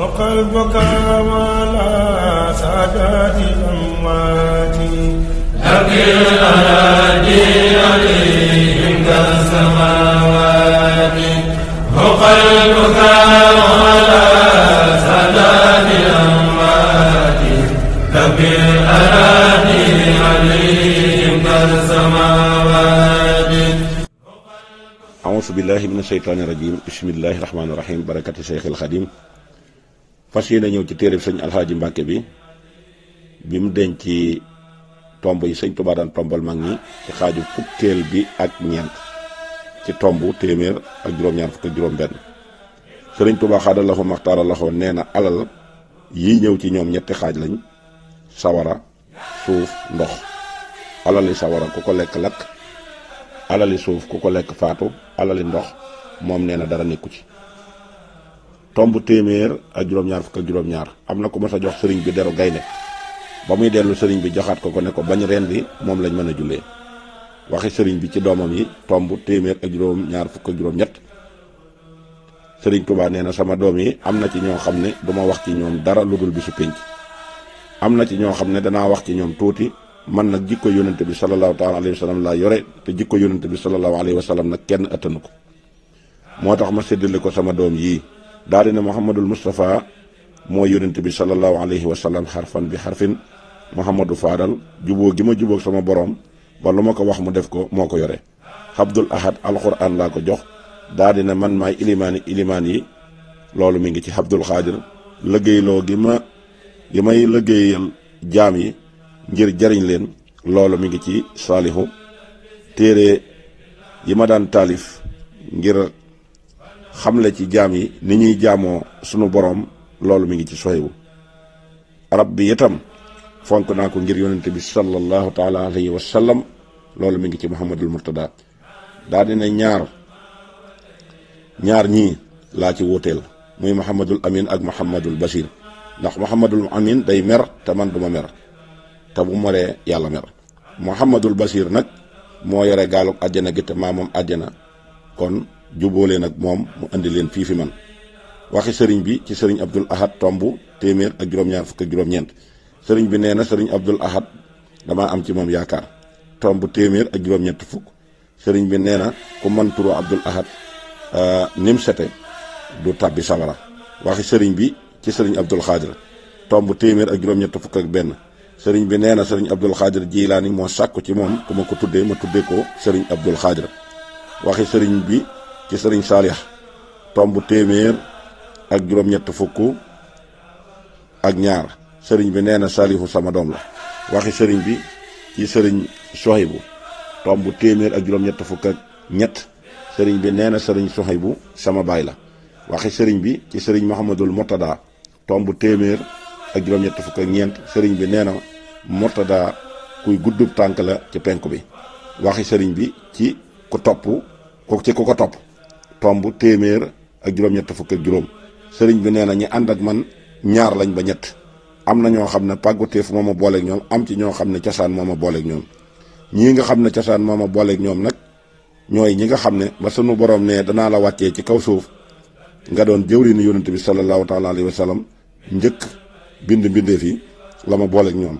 وقلبك ولا سادات الأموات لكن أرادي عليهم كالسماوات وقلبك ولا سادات الأموات لكن أرادي عليهم كالسماوات أعوذ بالله من الشيطان الرجيم بسم الله الرحمن الرحيم بركة شيخ الخديم fas yéene ñëw ci téere sëñ alxaaji Mbàkke bi bi mu denc ci tomb yi sëñ Tuubaa daan tombal mag ñi ci xaaju fukkeel bi ak ñeent ci tomb téeméer ak juróom-ñaar fukk ak juróom-benn sëriñ Tuubaa xaada nee na alal yi ñëw ci ñoom ñetti xaaj lañ sawara suuf ndox alali sawara ku ko lekk lakk alali suuf ku ko lekk faatu alali ndox moom nee na dara nekku ci tomb téeméer ak juróom-ñaar fukk ak juróom-ñaar am na ko mos a jox sëriñ bi deru gaynde ba muy dellu sëriñ bi joxaat ko ko ne ko bañ reen bi moom lañ mën a jullee waxi sëriñ bi ci doomam yi tomb téeméer ak juróom-ñaar fukk ak juróom-ñett sëriñ Touba nee na sama doom yi am na ci ñoo xam ne duma wax ci ñoom dara lu dul bisu pénc am na ci ñoo xam ne danaa wax ci ñoom tuuti mën nag jikko yónnante bi sallallahu taala alayhi wa laa yore te jikk yónnante bi sallallahu alayhi wa sallam nag kenn attanu ko moo tax ma séddale ko sama doom yii daal na muhammadul moustapha mooy yonent bi sallallahu alayhi wa sallam xarfan bi xarfin muhammadu faadal juboo gi ma juboo sama boroom ba lu ma ko wax mu def ko moo ko yore abdul ahad alquran laa ko jox daa dina man maay ilimaani ilimaan yi loolu mi ngi ci abdul xaadir lëggéeyloo gi ma gi may lëggéeyal jaam yi ngir jariñ leen loolu mi ngi ci saalihu téere yi ma daan taalif ngir xam la ci jaam yi ni ñuy jaamoo sunu boroom loolu mu ngi ci soybu arab bi tam fonk naa ko ngir yonente bi sallallahu taala alayhi wa sallam loolu mi ngi ci muhammadul murtada daa dina ñaar ñaar ñii laa ci wóoteel muy muhammadul amin ak muhammadul basir ndax muhammadul amin day mer te man duma mer te bu moree yàlla mer muhammadul basir nag moo yore gaalug àjjana gi te maamam àjjana kon juboo leen ak moom mu indi leen fii fi man waxi sëriñ bi ci sëriñ Abdul Ahad tomb téeméer ak juróom fukk ak juróom-ñeent sëriñ bi nee na sëriñ Abdul Ahad damaa am ci moom yaakaar tomb téeméer ak juróom fukk sëriñ bi nee na ku man turu Abdul Ahad euh, nim sete du tàbbi sawara waxi sëriñ bi ci sëriñ Abdul Xaadir tomb téeméer ak juróom-ñett fukk ak benn sëriñ bi nee na sëriñ Abdul Xaadir Jilaani moo sàkku ci moom ku ma ko tuddee ma tuddee ko sëriñ Abdul Xaadir waxi sëriñ bi ci sëriñ Saalix bu téeméer ak juróom-ñett fukk ak ñaar sëriñ bi nee na sama doom la waxi sëriñ bi ci sëriñ Sohaybu tomb téeméer ak juróom sëriñ bi nee na sëriñ Sohaybu sama baay la waxi sëriñ bi ci sëriñ Muhammadul Murtada tomb téeméer ak juróom-ñett fukk ak ñeent sëriñ bi nee na Murtada kuy guddub tànk la ci penk bi waxi sëriñ bi ci ku topp kooku ci ku ko topp tomb téeméer ak juróom-ñett fukk ak juróom sëriñ bi nee na ñi ànd ak man ñaar lañ ba ñett am na ñoo xam ne pàgguteef fu ma ma booleek ñoom am ci ñoo xam ne cosaan moo ma booleek ñoom ñii nga xam ne cosaan moo ma booleeg ñoom nag ñooy ñi nga xam ne ba sunu borom nee danaa la wàccee ci kaw suuf nga doon jëwriñu yonent bi sallallahu taala alayhi wa njëkk bind mbindeef yi la ma booleek ñoom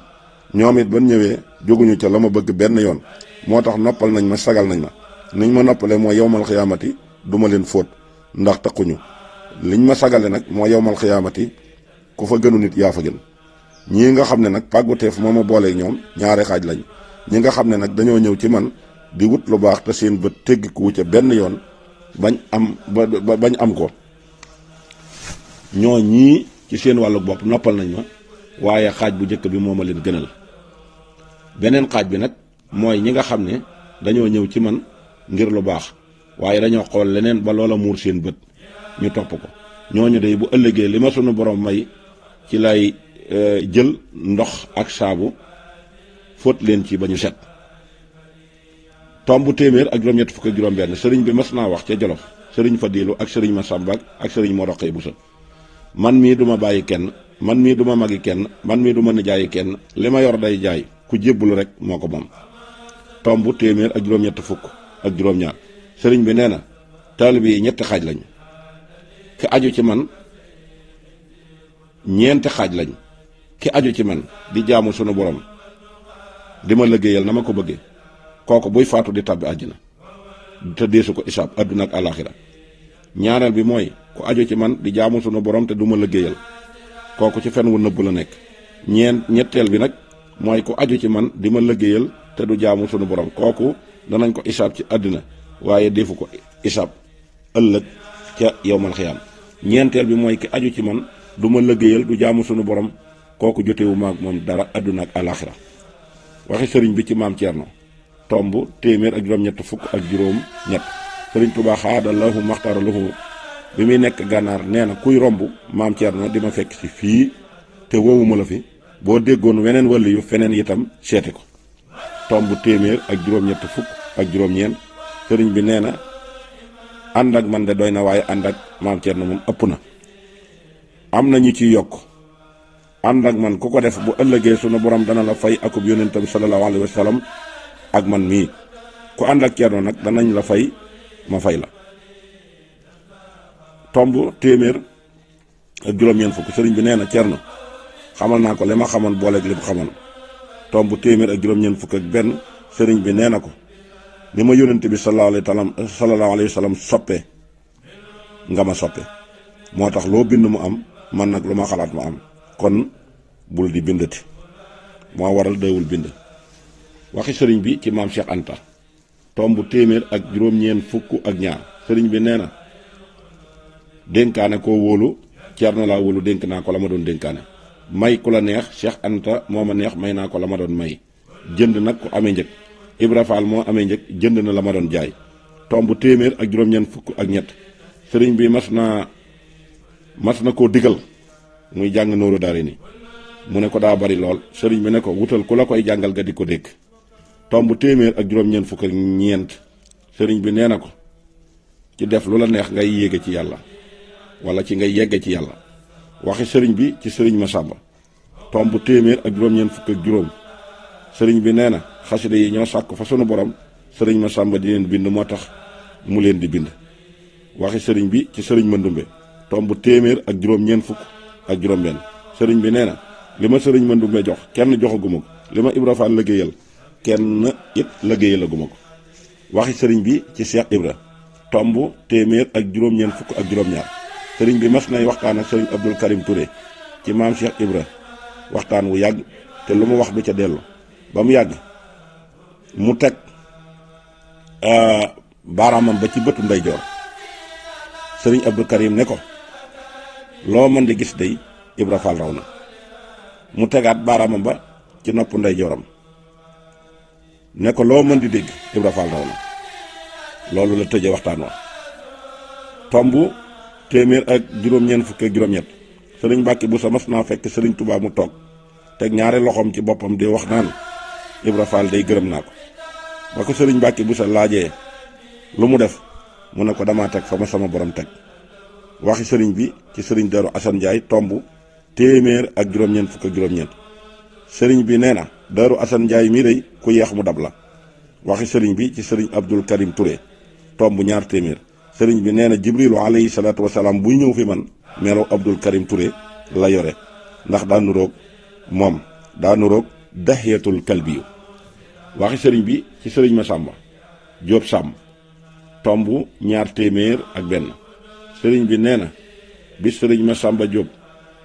ñoom it ban ñëwee jóguñu ca la ma bëgg benn yoon moo tax noppal nañ ma sagal nañ ma niñ ma noppale mooy yowmal xiyaamati du ma leen fóot ndax taquñu liñ ma sagale nag mooy yowmal xiyaamati ku fa gënu nit yaa fa gën ñii nga xam ne nag pàgguteef moo ma booleeg ñoom ñaari xaaj lañ ñi nga xam ne nag dañoo ñëw ci man bi wut lu baax te seen bët teggikuwu ca benn yoon bañ am ba bañ am ko ñoo ñii ci seen wàllu bopp noppal nañ ma waaye xaaj bu njëkk bi moo ma leen gënal beneen xaaj bi nag mooy ñi nga xam ne dañoo ñëw ci man ngir lu baax waaye dañoo xool leneen ba loola muur seen bët ñu topp ko ñooñu day bu ëllëgee li ma sunu borom may ci lay e, jël ndox ak saabu fóot leen ci ba ñu set tomb téeméer ak juróom-ñett fukk ak juróom-benn sëriñ bi mas naa wax ca Jolof sëriñ Fadilu ak sëriñ ma Masamba ak sëriñ Mor Roqee Busa man mii duma bàyyi kenn man mii duma magi kenn man mii duma nijaayi kenn li ma yor day jaay ku jébbalu rek moo ko moom bu téeméer ak juróom-ñett ak juróom sëriñ bi nee na taalibe yi ñetti xaaj lañ ki aju ci man ñeenti xaaj lañ ki aju ci man di jaamu sunu borom di ma liggéeyal na ma ko bëggee kooku buy faatu di tàbbi àjjana te deesu ko isaab àdduna ak alaaxira ñaareel bi mooy ku aju ci man di jaamu sunu borom te du ma liggéeyal kooku ci fen wu la nekk ñeen ñetteel bi nag mooy ku aju ci man di ma liggéeyal te du jaamu sunu borom kooku danañ ko isaab ci àddina waaye defu ko isaab ëllëg ca yowmal xiyaam ñeenteel bi mooy ki aju ci man du ma lëggéeyal du jàmm sunu borom kooku jotewu maag moom dara àdduna ak alaxira waxi sëriñ bi ci maam Thierno tomb téeméer ak juróom-ñett fukk ak juróom-ñett sëriñ Tuubaa xaada lahu maxtaara lahu bi muy nekk gànnaar nee na kuy romb maam Thierno di ma fekk ci fii te wowuma la fi boo déggoon weneen wàllu yu feneen itam seeti ko tomb téeméer ak juróom ak juróom-ñeent sëriñ bi nee na ànd ak man de doy na waaye ànd ak maam Thierno moom ëpp na am na ñu ciy yokk ànd ak man ku ko def bu ëllëgee sunu borom dana la fay akub yonentam sallallahu alayhi wa sallam ak man mii ku ànd ak Thierno nag danañ la fay ma fay la tomb téeméer ak juróom-ñeent fukk sëriñ bi nee na Thierno xamal naa ko li ma xamoon booleeg li mu xamoon tomb téeméer ak juróom-ñeent fukk ak benn sëriñ bi nee na ko ni ma yónnent bi sallallahu alayhi wa sallam soppe nga ma soppe moo tax loo bind mu am man nag lu ma xalaat ma am kon bul di bindati moo waral dawul bind waxi sëriñ bi ci maam Cheikh Anta tomb téeméer ak juróom-ñeent fukk ak ñaar sëriñ bi nee na dénkaane koo wóolu cer na laa wóolu dénk naa ko la ma doon dénkaane may ku la neex Cheikh Anta moo ma neex may naa ko la ma doon may jënd nag ku amee njëg Ibra moo amee njëg jënd na la ma doon jaay tomb téeméer ak juróom-ñeent fukk ak ñett sëriñ bi mas na mas na koo diggal muy jàng nooru daari ni mu ne ko daa bari lool sëriñ bi ne ko wutal ku la koy jàngal nga di ko dégg tomb téeméer ak juróom-ñeent fukk ak ñeent sëriñ bi nee na ko ci def lu la neex ngay yéege ci yàlla walla ci ngay yegge ci yàlla waxi sëriñ bi ci sëriñ Masamba tomb téeméer ak juróom-ñeent fukk ak juróom sëriñ bi nee na xasida yi ñoo sàkk fa sunu borom sëriñ Masamba di leen bind moo tax mu leen di bind waxi sëriñ bi ci sëriñ Mandumbe tomb téeméer ak juróom-ñeent fukk ak juróom-benn sëriñ bi nee na li ma sëriñ Mandumbe jox kenn joxaguma ko li ma Ibra Fall liggéeyal kenn it liggéeyalaguma ko waxi sëriñ bi ci Cheikh Ibra tomb téeméer ak juróom-ñeent fukk ak juróom-ñaar sëriñ bi mas nay waxtaan ak sëriñ Abdul Karim Touré ci maam Cheikh Ibra waxtaan wu yàgg te lu mu wax du ca dellu ba mu yàgg. mu teg euh, baaraamam ba ci bëtu ndeyjoor sëriñ Abdou Karim ne ko loo mën di gis dey Ibra Fall raw na mu tegaat baaraamam ba ci noppu ndeyjooram ne ko loo mën di dégg Ibra Fall raw na loolu la tëje waxtaan wa tomb téeméer ak juróom-ñeent fukk ak juróom-ñett sëriñ Mbàkke bu sama su naa fekk sëriñ Tuubaa mu toog teg ñaari loxoom ci boppam di wax naan Ibra Fall day gërëm naa ko ba ko sëriñ bàkke bu sa laajee lu mu def mu ne ko damaa teg fa ma sama borom teg waxi sëriñ bi ci sëriñ Daru Asan Njaay tomb téeméer ak juróom-ñeent fukk ak juróom-ñeent sëriñ bi nee na Daru Asan Njaay mii day ku yeex mu dab la waxi sëriñ bi ci sëriñ Abdul Karim Touré tomb ñaar téeméer sëriñ bi nee na Jibrilu alayhi salaatu wasalaam buy ñëw fi man melow Abdul Karim Touré la yore ndax daa nuroog moom daa nuroog daxiyatul kalbiyu waxi sëriñ bi ci sëriñ ma sàmba Jóob Sàmm tomb ñaar téeméer ak benn sëriñ bi nee na bis sëriñ Masamba Jóob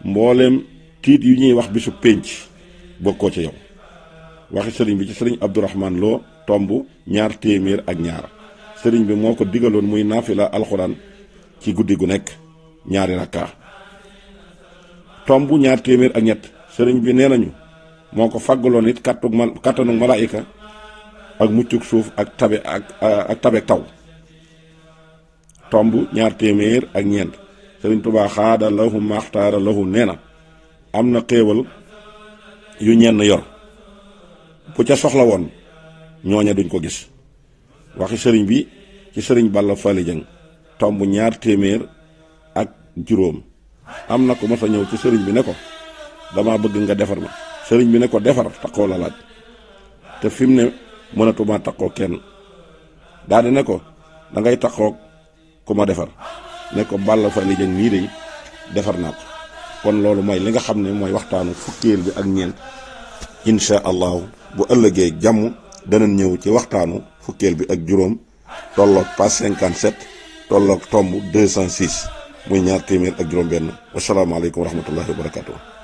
mboolem tiit yu ñuy wax bisu pénc bokkoo ci yow waxi sëriñ bi ci sëriñ Abdourahman Lo tomb ñaar téeméer ak ñaar sëriñ bi moo ko digaloon muy naafila alxuraan ci guddi gu nekk ñaari rakkaa tomb ñaar téeméer ak ñett sëriñ bi nee nañu moo ko faggaloon it kàttug ma kàttanug malaayika ak muccug suuf ak tabe ak ak tabe taw tomb ñaar téeméer ak ñeent sëriñ tubaa lahu maxtaara lahu nee na am na xéewal yu ñenn yor bu ca soxlawoon woon ñooña duñ ko gis waxi sëriñ bi ci sëriñ Balla Fally Dieng tomb ñaar téeméer ak juróom am na ko mas a ñëw ci sëriñ bi ne ko dama bëgg nga defar ma sëriñ bi ne ko defar taxoo la te fi mu ne mënatuma taxoo kenn daal di ne ko da ngay taxoo ku ma defar ne ko Balla Fally Dieng nii de defar naa ko kon loolu mooy li nga xam ne mooy waxtaanu fukkeel bi ak ñeent incha allahu bu ëllëgee jàmm denan ñëw ci waxtaanu fukkeel bi ak juróom tolloog page 57 tolloog tomb 206 muy ñaar téeméer ak juróom-benn wasalaamaaleykum wa rahmatullahi wa barakatuh